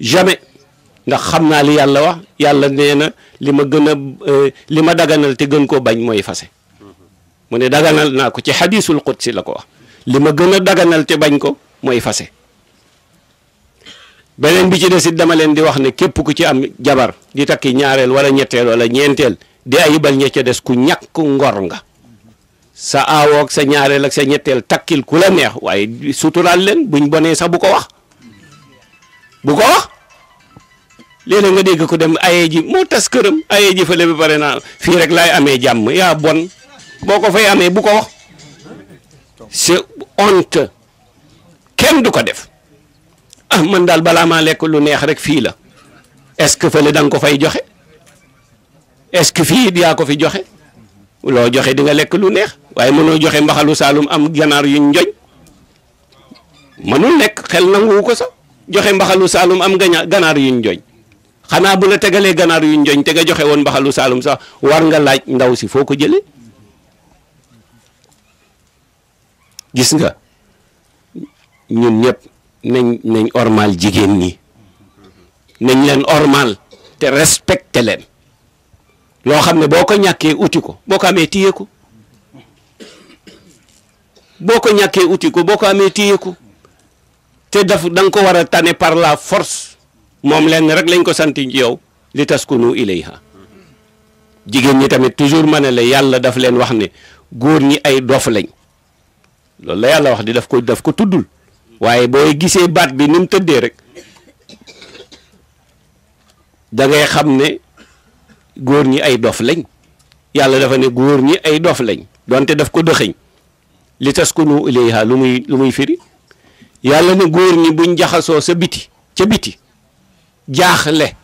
jame ndax xam naa li yàlla wax yàlla nee na li ma gën a euh, li ma daganal te gën koo bañ mooy fase mu ne daganal naa ko ci xadiisul qudsi la ko wax li ma gën a daganal te bañ ko mooy fase beneen bi ci des dama leen di wax ne képp ku ci am jabar di takki ñaareel wala ñetteel walla ñeenteel di ayibal ña ca des ku ñàkk ngor nga sa aawoog ak sa ñetteel takkil ku la neex waaye suturaal leen buñ bonee sax bu ko wax bu ko wax léeg-léeg nga dégg ko dem ayee ji moo tas këram ayee ji fële ba pare naa fii rek laay amee jàmm yaa bon boo ko fay amee bu ko wax c'est honte kenn du ko def ah mën daal balaa maa lekk lu neex rek fii la est-ce que fële da ko fay joxe est-ce que yaa ko fi joxe loo joxe di nga lekk lu neex waaye mënoo joxe mbaxalu saalum am ganaar yuñ njoñ mënul nekk xel nanguwu ko sax joxe mbaxalu saalum am gaña ganaar yuñ joñ xanaa bu la tegalee ganaar yuñ joñ te nga joxe woon mbaxalu saalum sax war nga laaj ndaw si foo ko jëlee gis nga ñun ñëpp nañ nañ ormal jigéen ñi nañ leen ormal te respecté leen loo xam ne boo ko ñàkkee uti ko boo ko amee téye ko boo ko ñàkkee uti ko boo ko amee téye ko te daf da nga ko war a tane par la force moom lenn rek lañ ko sant ci yow li taskunu ilayha jigéen ñi tamit toujours ma ne la yàlla daf leen wax ne góor ñi ay dof lañ loolu la yàlla wax di daf ko daf ko tuddul waaye booy gisee baat bi ni tëddee rek da ngay xam ne góor ñi ay dof lañ yàlla dafa ne góor ñi ay dof lañ donte daf ko dëxëñ li taskunu ilayha lu muy lu muy firi yàlla ne góor ñi buñ jaxasoo sa biti ca biti jaaxle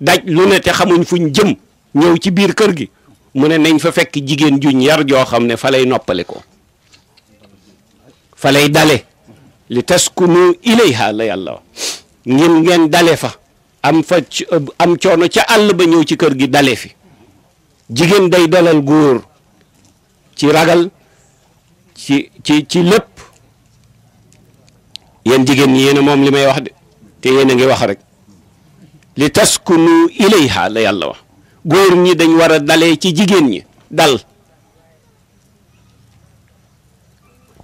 daj lu ne te xamuñ fuñ jëm ñëw ci biir kër gi mu ne nañ fa fekk jigéen juñ yar joo xam ne fa lay noppale fa lay dale li taskunu ilayha la yàlla ngeen ngeen dale fa am fa am coono ca àll ba ñëw ci kër gi dale fi jigéen day dalal góor ci ragal ci ci ci lépp yéen jigéen ñi yéen moom li may wax de te yéen ngi wax rek li taskunu ilayha la yàlla wax góor ñi dañ war a dalee ci jigéen ñi dal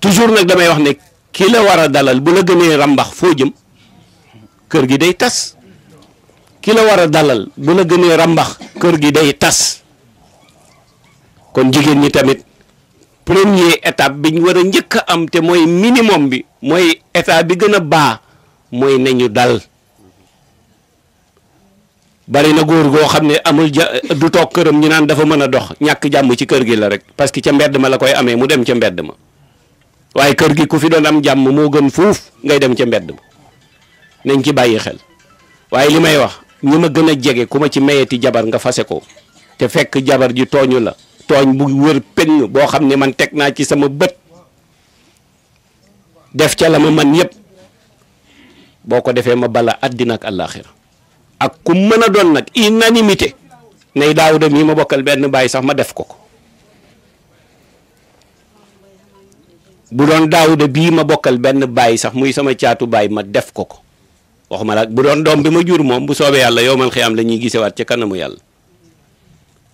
toujours nag damay wax ne ki la war a dalal bu la gënee ràmbax foo jëm kër gi day tas ki la war a dalal bu la gënee ràmbax kër gi day tas kon jigéen ñi tamit première étape bi ñu war a njëkk a am te mooy minimum bi mooy état bi gën a baa mooy nañu dal bari na góor goo xam ne amul ja du toog këram ñu naan dafa mën a dox ñàkk jàmm ci kër gi la rek parce que ca mbedd ma la koy amee mu dem ca mbedd ma waaye kër gi ku fi doon am jàmm moo gën fuuf ngay dem ca mbedd ma nañ ci bàyyi xel waaye li may wax ñi ma gën a jege ku ma ci mayeti jabar nga fase ko te fekk jabar ji tooñu la tooñ bu wër penn boo xam ne man teg naa ci sama bët def ca la ma man yëpp boo ko defee ma bala àddina ak àllaaxira ak ku mën a doon nag unanimité nay Daawuda mii ma bokkal benn bàyyi sax ma def ko ko bu doon Daawuda bii ma bokkal benn bàyyi sax muy sama caatu bàyyi ma def ko ko waxuma la bu doon doom bi ma jur moom bu soobee yàlla yow man xëy am la ñuy gisewaat ci kanamu yàlla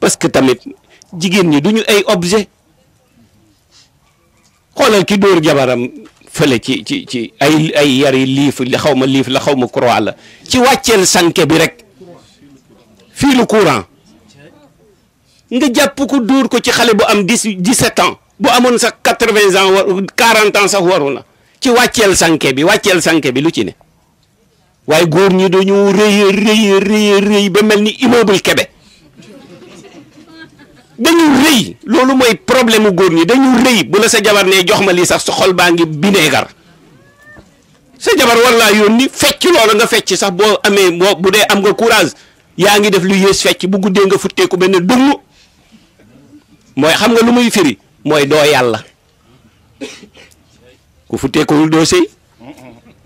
parce tamit jigéen ñi du ñu ay objet xoolal ki dóor jabaram fële ci ci ci ay ay yari liif li xaw ma liif la xaw ma croix la ci wàcceel sànke bi rek fii lu courant nga jàpp ko dóor ko ci xale bu am dix dix-sept bu amoon sax quatre-vingts ans quarante ans sax waru na ci wàcceel sànke bi wàcceel sànke bi lu ci ne waaye góor ñi dañu rëy rëy rëy rëy ba mel ni immeuble Kébé dañu rëy loolu mooy problème mu góor ñi dañu rëy bu la sa jabar ne jox ma lii sax sa xol baa ngi bineegar sa jabar war yoon ni fecc loola nga fecc sax boo amee boo bu dee am nga courage yaa ngi def lu yées fecc bu guddee nga futteeku benn dugg mooy xam nga lu muy firi mooy doo yàlla ku futteekuwul doo sëy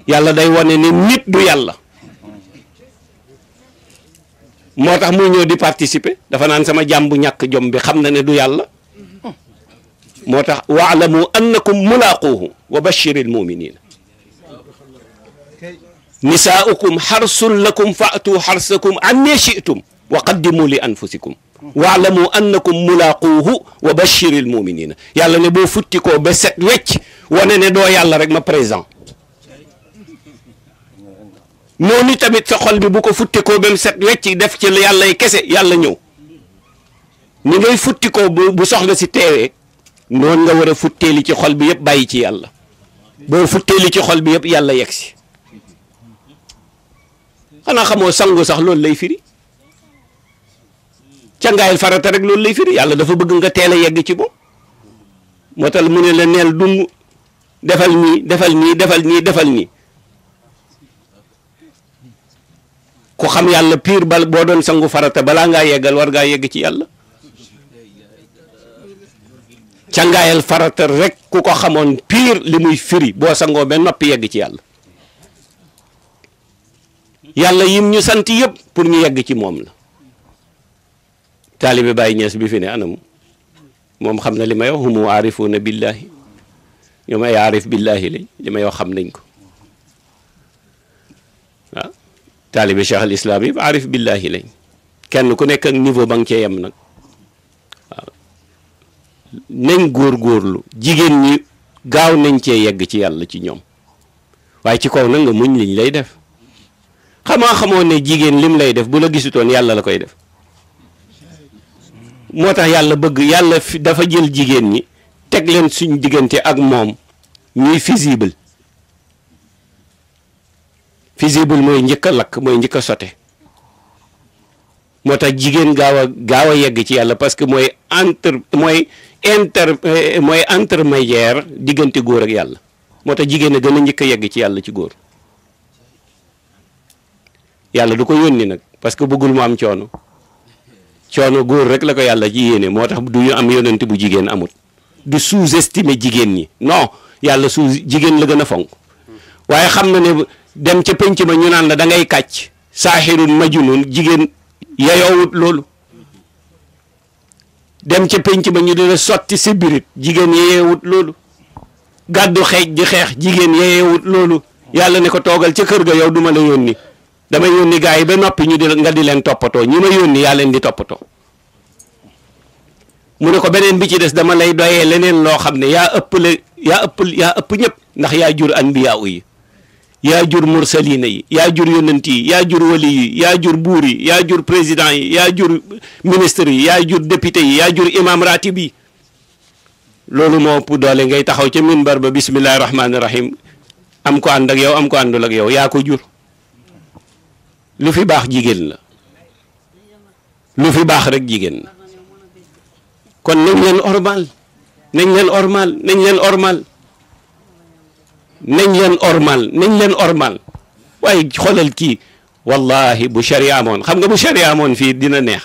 yàlla day wane ne nit du yàlla moo tax muy ñëw di participer dafa naan sama jàmm bu ñàkk jom bi xam na ne du yàlla moo tax waalamu annakum mulaaquuhu wa bashiril muminina nisaaukum xarsun lakum faatu xarsakum anni shitum wa qaddimu li anfusikum waalamu annakum mulaaquuhu wa bashiril muminina yàlla ne boo futti koo ba set wecc wane ne doo yàlla rek ma présent noonu tamit sa xol bi bu ko futtikoo ba mu set wecc def ci yàllay kese yàlla ñëw ni ngay futtikoo bu bu soxna si teewee noonu nga war a futteeli ci xol bi yëpp bàyyi ci yàlla boo futteeli ci xol bi yëpp yàlla yegg si xanaa xamoo sangu sax loolu lay firi cangaayal farata rek loolu lay firi yàlla dafa bëgg nga teel a yegg ci moom moo tax mu ne la neel dung defal nii defal nii defal nii defal nii ku xam yàlla pire bal boo doon sangu farata balaa ngaa yeggal war ngaa yegg ci yàlla cangaayal farata rek ku ko xamoon piir li muy firi boo sangoo ba noppi yegg ci yàlla yàlla yim ñu sant yëpp pour ñu yegg ci moom la taalibe Baay Ñas bi fi ne anam moom xam na li may wax humu aarifuuna billaahi ñoom ay aarif billaahi lañ li may wax xam nañ ko taalibe cheikh al islam yi arif billahi lañ kenn ku nekk ak niveau ba nga cee yem nag waaw góor góorlu jigéen ñi gaaw nañ cee yegg ci yàlla ci ñoom waaye ci kaw nag nga muñ liñ lay def xamaa xamoo ne jigéen lim lay def bu la gisutoon yàlla la koy def moo tax yàlla bëgg yàlla dafa jël jigéen ñi teg leen suñ diggante ak moom ñuy visible visible mooy njëkk a lakk mooy njëkk a moo tax jigéen gaaw a gaaw a yegg ci yàlla parce que mooy entre mooy inter eh, mooy intermédiaire diggante góor ak yàlla moo tax jigéen a gën a njëkk a yegg ci yàlla ci góor yàlla du ko yónni nag parce que bëggul mu am coono coono góor rek la ko yàlla ci yéene moo tax du ñu am yonent bu jigéen amut du sous-estimer jigéen ñi non yàlla sous jigéen la gën a fonk waaye xam na ne dem ca pénc ma ñu naan la da ngay kàcc ma majunun jigéen yeyoowut loolu dem ca penc ma ñu dina sotti si birit jigéen yeyeewut loolu gàddu xeej di xeex jigéen yeyeewut loolu yàlla ne ko toogal ca kër ga yow duma la yónni dama yónni gars yi ba noppi ñu di nga di leen toppatoo ñu ma yónni yaa leen di toppatoo mu ne ko beneen bi ci des dama lay doyee leneen loo xam ne yaa ëpp le yaa ëpp yaa ëpp ñëpp ndax yaa jur anbiyaa yi yaa jur mursalina yi yaa jur yonent yi yaa jur wali yi yaa jur buur yi yaa jur président yi yaa jur ministre yi yaa jur député yi yaa jur imam ratib yi loolu moo ëpp doole ngay taxaw ca minbar ba bismillahi rahmaani rahim am ko ànd ak yow am ko àndul ak yow yaa ko jur lu fi baax jigéen la lu fi baax rek jigéen la kon nañ leen ormal nañ leen ormal nañ leen ormal nañ leen ormal nañ leen ormal waaye xoolal kii wallahi bu sharia amoon xam nga bu sharia amoon fii dina neex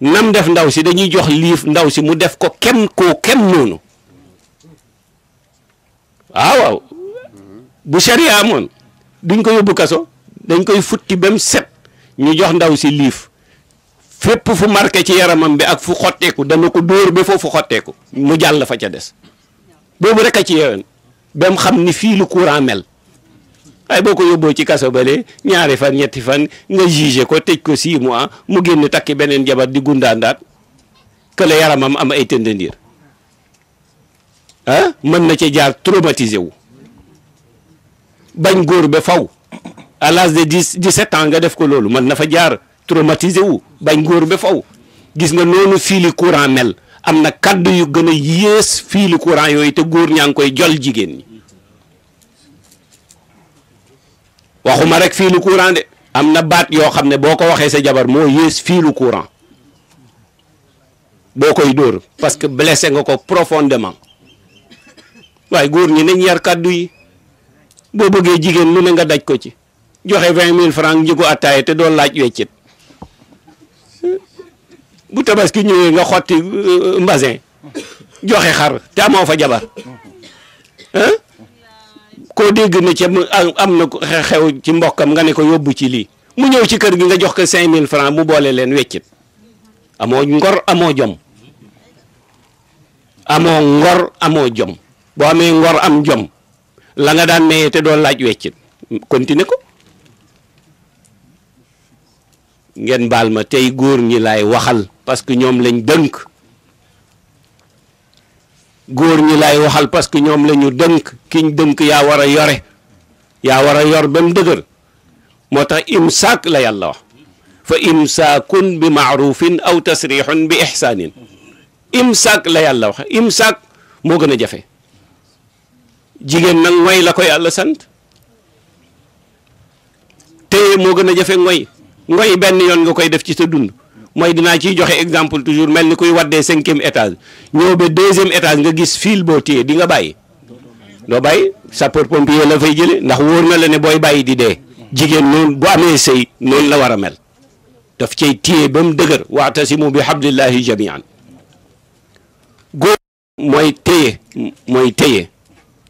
nam def ndaw si dañuy jox liif ndaw si mu def ko kem koo kem noonu waaw waaw bu sharia amoon duñ ko yóbbu kaso dañ koy futti ba mu set ñu jox ndaw si liif fépp fu marqué ci yaramam bi ak fu xotteeku dana ko dóor ba foofu xotteeku mu jàll fa ca des boobu rek a ci yewen ba xam ni fii lu courant mel waaye boo ko yóbboo ci kaso bale ñaari fan ñetti fan nga jugé ko tëj ko six mois mu génn takki beneen jabar di gundaandaat kële yaramam am ay tëndandiir ah mën na ca jaar traumatisé wu bañ góor ba faw à l'âge de dix dix-sept ans nga def ko loolu mën na fa jaar traumatisé wu bañ góor ba faw gis nga noonu fii li courant mel am na kàddu yu gën a yées fii lu courant yooyu te góor ñaa ngi koy jol jigéen ñi waxuma rek fii lu courant de am na baat yoo xam ne boo ko waxee sa jabar moo yées fii lu courant boo koy dóor parce que blessé nga ko profondément waaye góor ñi nañ yar kàddu yi boo bëggee jigéen lu ne nga daj ko ci joxe vingt mille francs njëgu attaaya te doo laaj weccit bu tabaski ñëwee nga xotti euh, mbasen joxe xar te amoo fa jabar ko dégg na ca am na xew ci mbokkam nga ne ko yóbbu ci lii mu ñëw ci kër gi nga jox ko cinq mille francs mu boole leen weccit amoo ngor amoo jom amoo ngor amoo jom boo amee ngor am jom la nga daan mayee te doo laaj weccit continuer ko ngeen baal ma tey góor ñi laay waxal parce que ñoom lañ dënk góor ñi laay waxal parce que ñoom lañu dënk kiñ dënk yaa war a yore yaa war a yor ba mu dëgër moo tax imsaak la yàlla wax fa imsaakun bi maarufin aw tasrixun bi ixsaanin imsaak la yàlla wax imsaak moo gën a jafe jigéen nag mooy la koy yàlla sant téye moo gën a jafe mooy ngoy benn yoon nga koy def ci sa dund mooy dinaa ciy joxe exemple toujours mel ni kuy waddee cinquième étage ñëw ba deuxième étage nga gis fil boo téye di nga bàyyi doo bàyyi sapeur pompier la fay jële ndax wóor na la ne booy bàyyi di dee jigéen noonu bu amee sëy noonu la war a mel daf cay téye ba mu dëgër waatasimu bi hablillahi jamian góor mooy téye mooy téye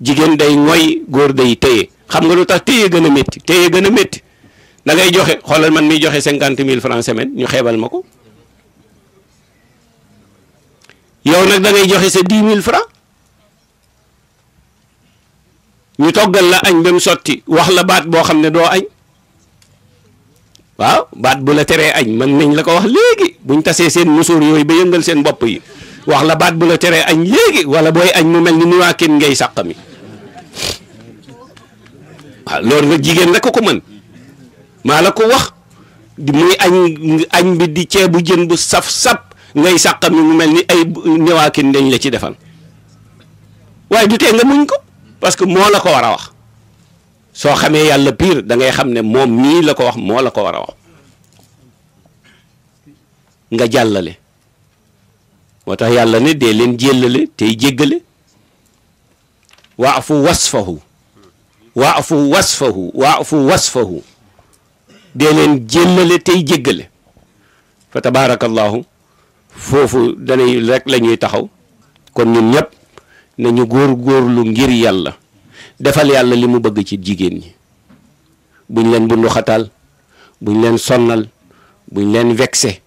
jigéen day ngoy góor day téye xam nga lu tax téye gën a métti téye gën a métti da ngay joxe xoolal man miy joxe cinquante mille francs semaine ñu xeebal ma ko yow nag da ngay joxe sa dix mille francs ñu toggal la añ ba mu sotti wax la baat boo xam ne doo añ waaw baat bu la teree añ mën nañ la ko wax léegi buñ tasee seen musóor yooyu ba yëngal seen bopp yi wax la baat bu la teree añ léegi wala booy añ mu mel ni nuwaa kenn ngay sàq mi waaw loolu nga jigéen rek ko mën maa la ko wax muy añ añ bi di ceebu jën bu saf-saf ngay sàqam mi mu mel ni ay newaakin dañ la ci defal waaye du tee nga muñ ko parce que moo la ko war a wax soo xamee yàlla pire dangay xam ne moom mii la ko wax moo la ko war a wax nga jàllale moo tax yàlla ne dee leen jéllale tey jéggale waafu wasfahu waa afu was wasfahu dee leen jéllale tey jéggale fa tabaarakallaahu foofu danay rek la ñuy taxaw kon ñun ñëpp nañu góor góorlu ngir yàlla defal yàlla li mu bëgg ci jigéen ñi buñ leen bundu xataal buñ leen sonnal buñ leen vexé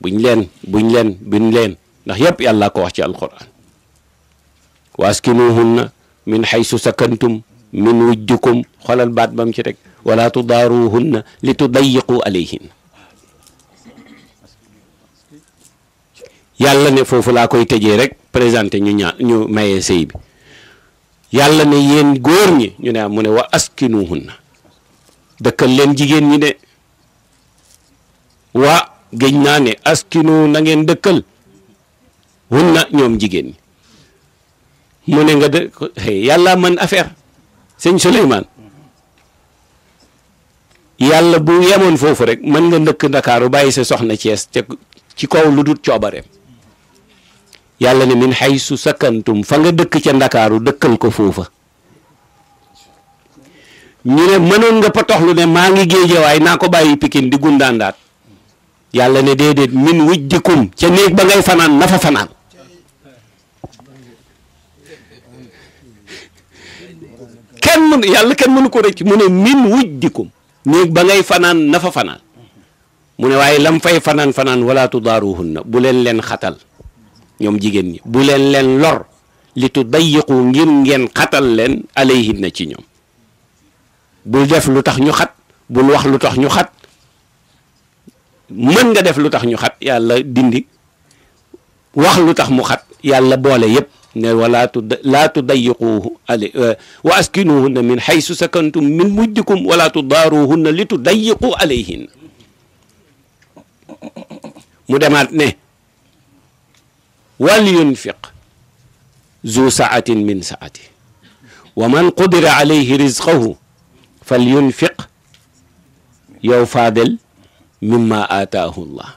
buñ leen buñ leen buñ leen ndax yëpp yàlla ko wax ci alquran waaskinuhunna min haythu sakantum min wujjukum xoolal baat bam ci rek teg wala tudaaruhunna li tudayiqu alayhin yàlla ne foofu laa koy tëjee rek présenté ñu ñu mayee sey bi yàlla ne yéen góor ñi ñu ne mu ne wa askinuhunna dëkkal leen jigéen ñi de waa géñ naa ne askinu nangeen ngeen dëkkal hunna ñoom jigéen ñi mu ne nga dë yàlla mën affaire sëñ Souleymane yàlla bu yemoon foofu rek mën nga ndëkk ndakaaru bàyyi sa soxna Cees ci kaw lu dul coobareem yàlla ne min haysu sakantum fa nga dëkk ca ndakaaru dëkkal ko foofa ñu ne mënoon nga potoxlu ne maa ngi géejewaay naa ko bàyyi pikin di gundaandaat yàlla ne déedéet min wujdikum ca néeg ba ngay fanaan nafa fanaan kenn yàlla kenn mënu ko rëcc mu ne min wuj dikum néeg ba ngay fanaan na fa fanaan mu ne waaye lam fay fanaan fanaan wala tudaaruhunna bu leen leen xatal ñoom jigéen ñi bu leen leen lor li tudayyiqu ngir ngeen xatal leen alayhinna ci ñoom bul def lu tax ñu xat bul wax lu tax ñu xat mën nga def lu tax ñu xat yàlla dindi wax lu tax mu xat yàlla boole yépp ne walaa tud laa tudayyiquuhu ali e, wa askinuuhunna min haysu sakantum min mujdikum wala tudaaruuhunna li tudayyiqu alayhinna mu demaat ne wal yunfiq zu saatin min saati wa man qudira alayhi rizqahu fal yunfiq yow faadel mimma aataahu llah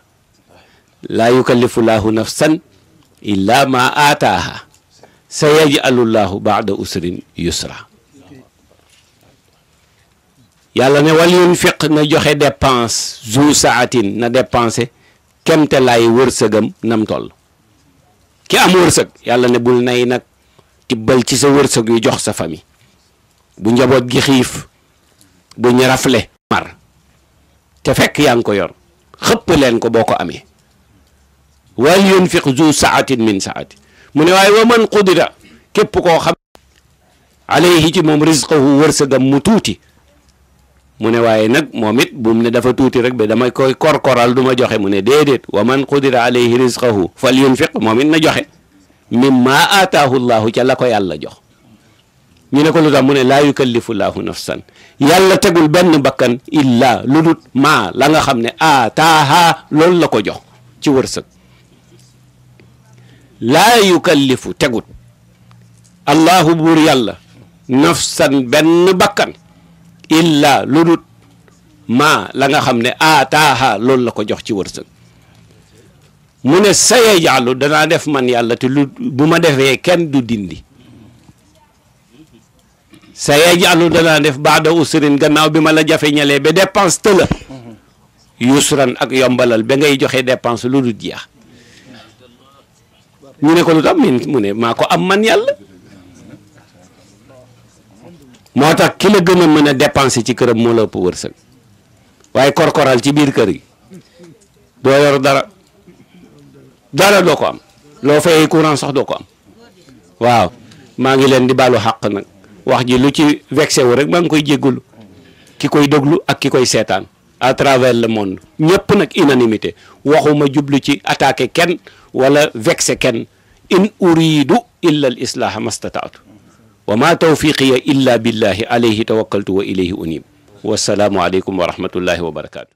laa yukallifu llahu nafsan illa ma aataaha sa yajalu llaahu baada usrin yusra yàlla ne wal yunfiq na joxe dépense zu saatin na dépensé kemte laay wërsëgam nam toll ki am wërsëg yàlla ne bul nay nag tibbal ci sa wërsëg yu jox sa famille bu njaboot gi xiif bu ñu rafle mar te fekk yaa ngi ko yor xëpp leen ko boo ko amee wal yunfiq zu saatin min saati mu ne waaye wa man qudira képp koo xam alayhi ci moom rizqahu wërsëgam mu tuuti mu ne waaye nag moom it bu ne dafa tuuti rek ba dama koy korkoral du ma joxe mu ne déedéet wa man qudira alayhi rizqahu fal yunfiq moom it na joxe mimma aataahu llahu ca lako ko yàlla jox ñu ne ko lu tax mu ne laa yukallifu llahu nafsan yàlla tegul benn bakkan illa lu dut maa la xam ne aataaha loolu la ko jox ci wërsëg laa yukallifu tegut allahu buur yàlla nafsan benn bakkan illa lu dut maa la nga xam ne aataaha loolu la ko jox ci wërsëg mu ne saye jàllu danaa def man yàlla te lu bu ma defee kenn du dindi saye jàllu danaa def baada usrin gannaaw bi ma la jafe ñale ba dépense te la yusran ak yombalal ba ngay joxe dépense lu dut jeex ñu ne ko lu tax mu ne maa ko am man yàlla moo tax ki la gën a mën a dépenser ci këram moo la ëpp wërsëg waaye korkoral ci biir kër gi doo yor dara dara doo ko am loo fay courant sax doo ko am waaw maa ngi leen di baalu xàq nag wax ji lu ci vexé wu rek maa ngi koy jéggulu ki koy déglu ak ki koy seetaan à travers le monde ñëpp nag unanimité waxuma jublu ci attaque kenn wala vexé kenn in uridu illa al islaaha mastataatu wa ma tawfiqiya illa billahi alayhi tawakkaltu wa ilayhi unib wasalaamu aleykum wa rahmatullahi wa barakaatu